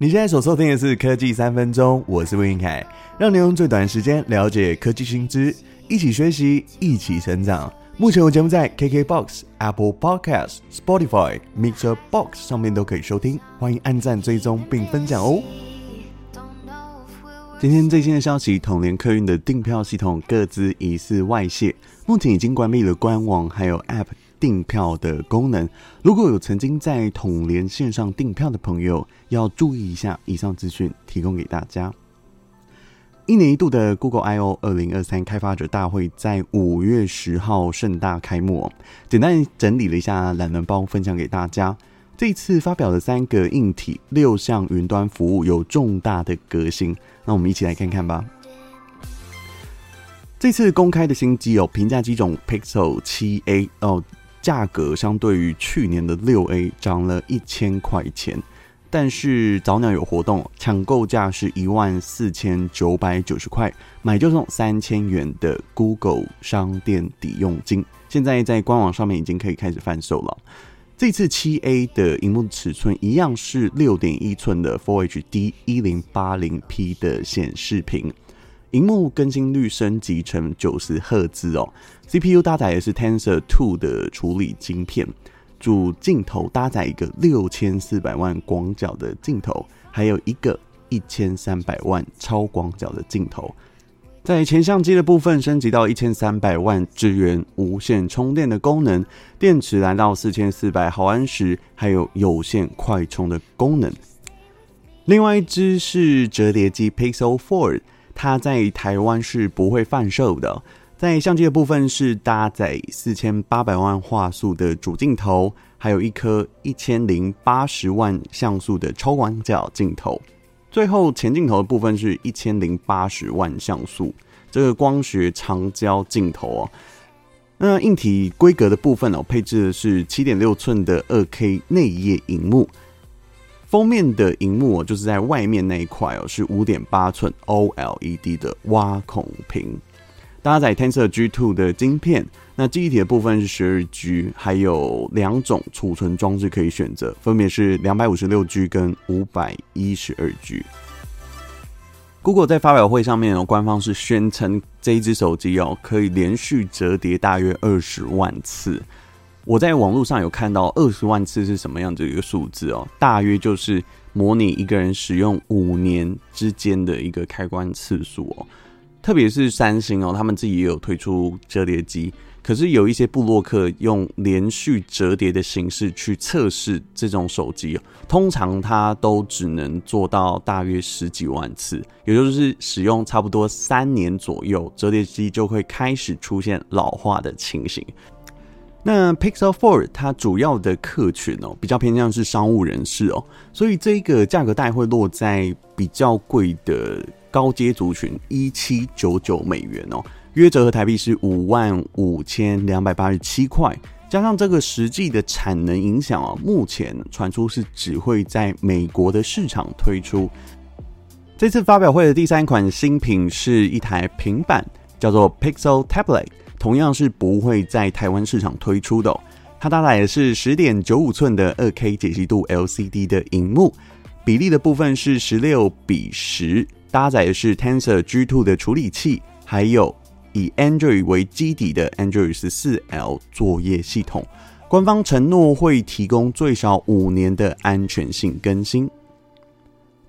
你現在所收聽的是《科技三分鐘》，我是吳晏愷，讓你用最短的時間了解科技新知，一起學習，一起成長。目前，我節目在 KK Box、Apple Podcast、Spotify、Mixer Box 上面都可以收聽，歡迎按讚、追蹤並分享哦。N C, 今天最新的消息，統聯客運的訂票系統個資疑似外洩，目前已經關閉了官網，還有 App。訂票的功能，如果有曾經在統聯線上訂票的朋友，要注意一下以上資訊提供給大家。一年一度的 Google I/O 二零二三開發者大會在五月十號盛大開幕，簡單整理了一下懶人包分享給大家。這次發表了三個硬體、六項雲端服務有重大的革新，那我們一起來看看吧。這次公開的新機有評價機種 Pixel 七 A，哦價格相對於去年的六 A 漲了一千塊錢，但是早鳥有活動，搶購價是一萬四千九百九十塊，買就送三千元的 Google 商店抵用金。現在在官網上面已經可以開始販售了。這次七 A 的熒幕尺寸一樣是六點一寸的 Full HD 一零八零 P 的顯示屏。螢幕更新率升級成九十赫茲哦，CPU 搭載也是 Tensor Two 的處理晶片，主鏡頭搭載一個六千四百萬廣角的鏡頭，還有一個一千三百萬超廣角的鏡頭，在前相機的部分升級到一千三百萬，支援無線充電的功能，電池來到四千四百毫安時，還有有線快充的功能。另外一隻是摺疊機 Pixel Fold 它在台灣是不會販售的。在相機的部分是搭載四千八百萬畫素的主鏡頭，還有一顆一千零八十萬像素的超廣角鏡頭。最後前鏡頭的部分是一千零八十萬像素，這個光學長焦鏡頭哦。那硬體規格的部分哦，配置的是七點六寸的二 K 內頁熒幕。封面的螢幕哦，就是在外面那一塊哦，是五點八寸 OLED 的挖孔屏，搭載 Tensor G2 的晶片，那記憶體的部分是十二 G，還有兩種儲存裝置可以選擇，分別是兩百五十六 G 跟五百一十二 G。Google 在發表會上面哦，官方是宣稱這一支手機哦，可以連續折疊大約二十萬次。我在網絡上有看到二十萬次是什麼樣子一個數字哦，大約就是模擬一個人使用五年之間的一個開關次數哦。特別是三星哦，他們自己也有推出折疊機，可是有一些部落客用連續折疊的形式去測試這種手機，通常它都只能做到大約十幾萬次，也就是使用差不多三年左右，折疊機就會開始出現老化的情形。那 Pixel Fold 它主要的客群哦，比較偏向是商務人士哦，所以這一個價格帶會落在比較貴的高階族群，一七九九美元哦，約折合台幣是五萬五千兩百八十七塊。加上這個實際的產能影響啊、哦，目前傳出是只會在美國的市場推出。這次發表會的第三款新品是一台平板，叫做 Pixel Tablet。同樣是不會在台灣市場推出的哦，它搭載的是十點九五寸的二 K 解析度 LCD 的熒幕，比例的部分是十六比十，搭載的是 Tensor G2 的處理器，還有以 Android 為基底的 Android 十四 L 作業系統，官方承諾會提供最少五年的安全性更新。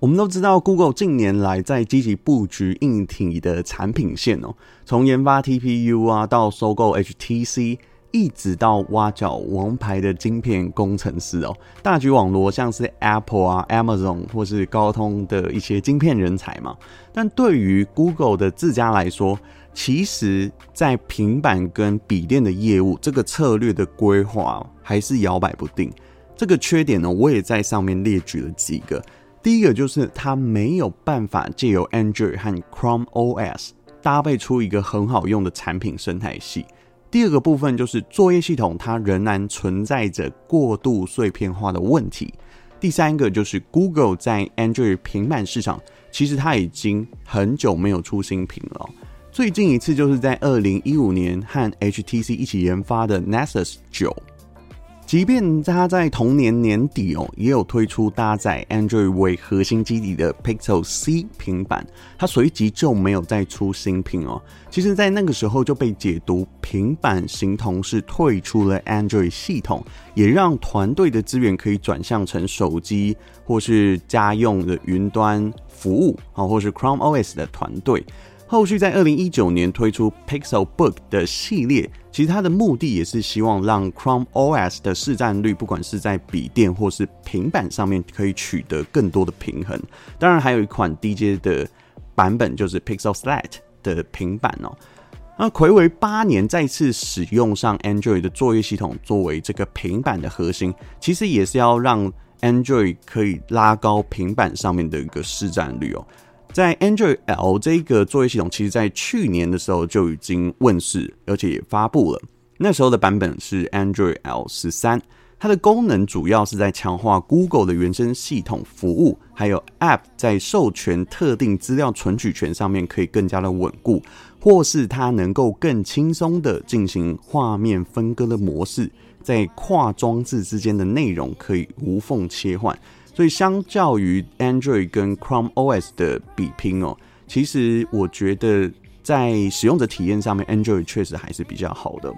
我們都知道，Google 近年來在積極布局硬體的產品線哦，從研發 TPU 啊，到收購 HTC，一直到挖角王牌的晶片工程師哦，大舉網羅像是 Apple 啊、Amazon 或是高通的一些晶片人才嘛。但對於 Google 的自家來說，其實在平板跟筆電的業務這個策略的規劃還是搖擺不定。這個缺點呢，我也在上面列舉了幾個。第一個就是它沒有辦法借由 Android 和 Chrome OS 搭配出一個很好用的產品生態系。第二個部分就是作業系統，它仍然存在着過度碎片化的問題。第三個就是 Google 在 Android 平板市場，其實它已經很久沒有出新品了，最近一次就是在二零一五年和 HTC 一起研發的 Nexus 九。即便他在同年年底哦，也有推出搭載 Android 為核心基底的 Pixel C 平板，他隨即就沒有再出新品哦。其實，在那個時候就被解讀，平板形同是退出了 Android 系統，也讓團隊的資源可以轉向成手機或是家用的雲端服務啊，或是 Chrome OS 的團隊。後續在二零一九年推出 Pixel Book 的系列，其實它的目的也是希望讓 Chrome OS 的市占率，不管是在筆電或是平板上面，可以取得更多的平衡。當然，還有一款低階的版本，就是 Pixel Slate 的平板哦。那暌違八年，再次使用上 Android 的作業系統作為這個平板的核心，其實也是要讓 Android 可以拉高平板上面的一個市占率哦。在 Android L 這個作業系統，其實在去年的時候就已經問世，而且也發布了。那時候的版本是 Android L 十三，它的功能主要是在強化 Google 的原生系統服務，還有 App 在授權特定資料存取權上面可以更加的穩固，或是它能夠更輕鬆的進行畫面分割的模式，在跨裝置之間的內容可以無縫切換。所以，相較於 Android 跟 Chrome OS 的比拼哦，其實我覺得在使用者體驗上面，Android 確實還是比較好的。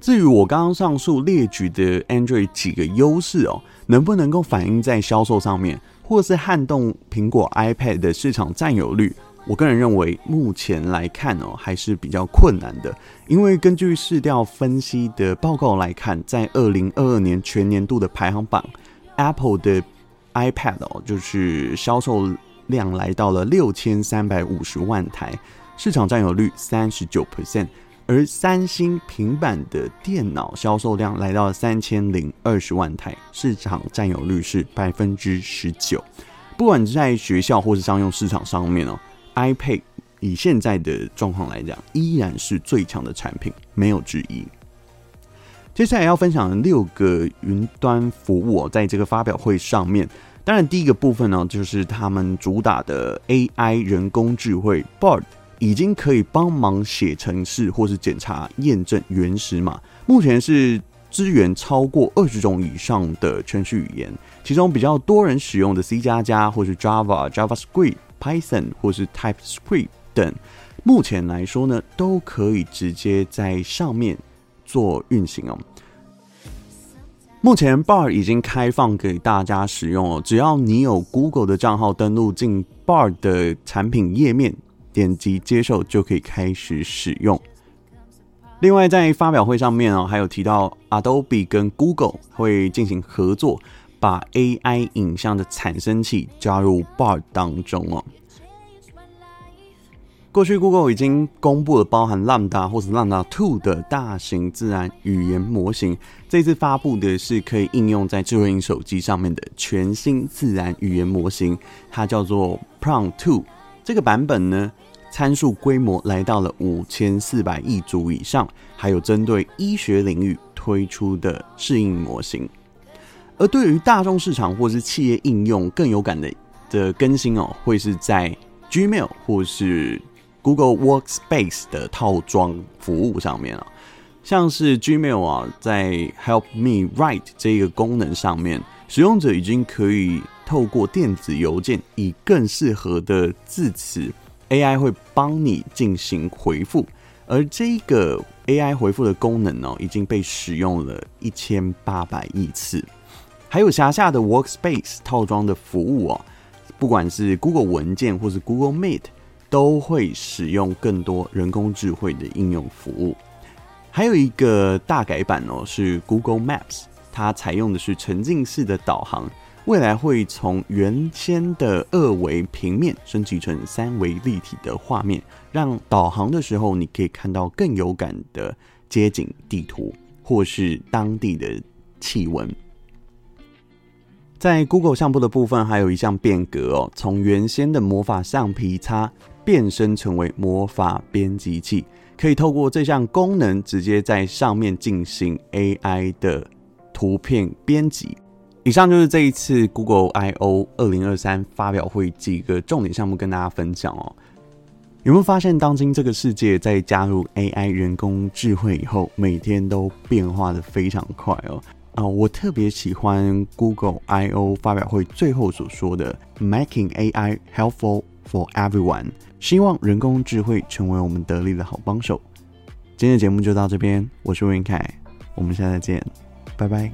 至於我剛剛上述列舉的 Android 幾個優勢哦，能不能夠反映在銷售上面，或是撼動蘋果 iPad 的市場佔有率？我個人認為，目前來看哦，還是比較困難的。因為根據市調分析的報告來看，在二零二二年全年度的排行榜。Apple 的 iPad 哦，就是銷售量來到了六千三百五十萬台，市場占有率三十九 percent。而三星平板的電腦銷售量來到了三千零二十萬台，市場占有率是百分之十九。不管是在學校或是商用市場上面哦，iPad 以現在的狀況來講，依然是最強的產品，沒有之一。接下來要分享的六個雲端服務，哦，在這個發表會上面，當然第一個部分呢，就是他們主打的 AI 人工智慧 Bard，已經可以幫忙寫程式，或是檢查驗證原始碼，目前是支援超過二十種以上的程式語言，其中比較多人使用的 C 加加或是 Java、JavaScript、Python 或是 TypeScript 等，目前來說呢，都可以直接在上面。做運行哦。目前，Bar 已經開放給大家使用哦。只要你有 Google 的賬號登錄進 Bar 的產品頁面，點擊接受就可以開始使用。另外，在發表會上面哦，還有提到 Adobe 跟 Google 會進行合作，把 AI 影像的產生器加入 Bar 當中哦。過去，Google 已經公布了包含 Lambda 或者 Lambda Two 的大型自然語言模型。這次發布的是可以應用在智慧音手機上面的全新自然語言模型，它叫做 PaLM Two。這個版本呢，參數規模來到了五千四百億組以上，還有針對醫學領域推出的適應模型。而對於大眾市場或是企業應用更有感的的更新哦，會是在 Gmail 或是。Google Workspace 的套裝服務上面啊，像是 Gmail 啊，在 Help Me Write 這個功能上面，使用者已經可以透過電子郵件以更適合的字詞，AI 會幫你進行回復。而這個 AI 回復的功能呢、啊，已經被使用了一千八百億次。還有轄下的 Workspace 套裝的服務哦、啊，不管是 Google 文件，或是 Google Meet。都會使用更多人工智慧的應用服務，還有一個大改版哦，是 Google Maps，它採用的是沉浸式的導航，未來會從原先的二維平面升級成三維立體的畫面，讓導航的時候你可以看到更有感的街景地圖或是當地的氣溫。在 Google 相簿的部分還有一項變革哦，從原先的魔法橡皮擦變身成為魔法編輯器，可以透過這項功能直接在上面進行 AI 的圖片編輯。以上就是這一次 Google I/O 二零二三發表會幾個重點項目跟大家分享哦。有沒有發現當今這個世界在加入 AI 人工智慧以後，每天都變化得非常快哦？啊、哦，我特別喜歡 Google I/O 發表會最後所說的 "Making AI helpful for everyone"，希望人工智慧成為我們得力的好幫手。今天的節目就到這邊，我是吳晏愷，我們下次再見，拜拜。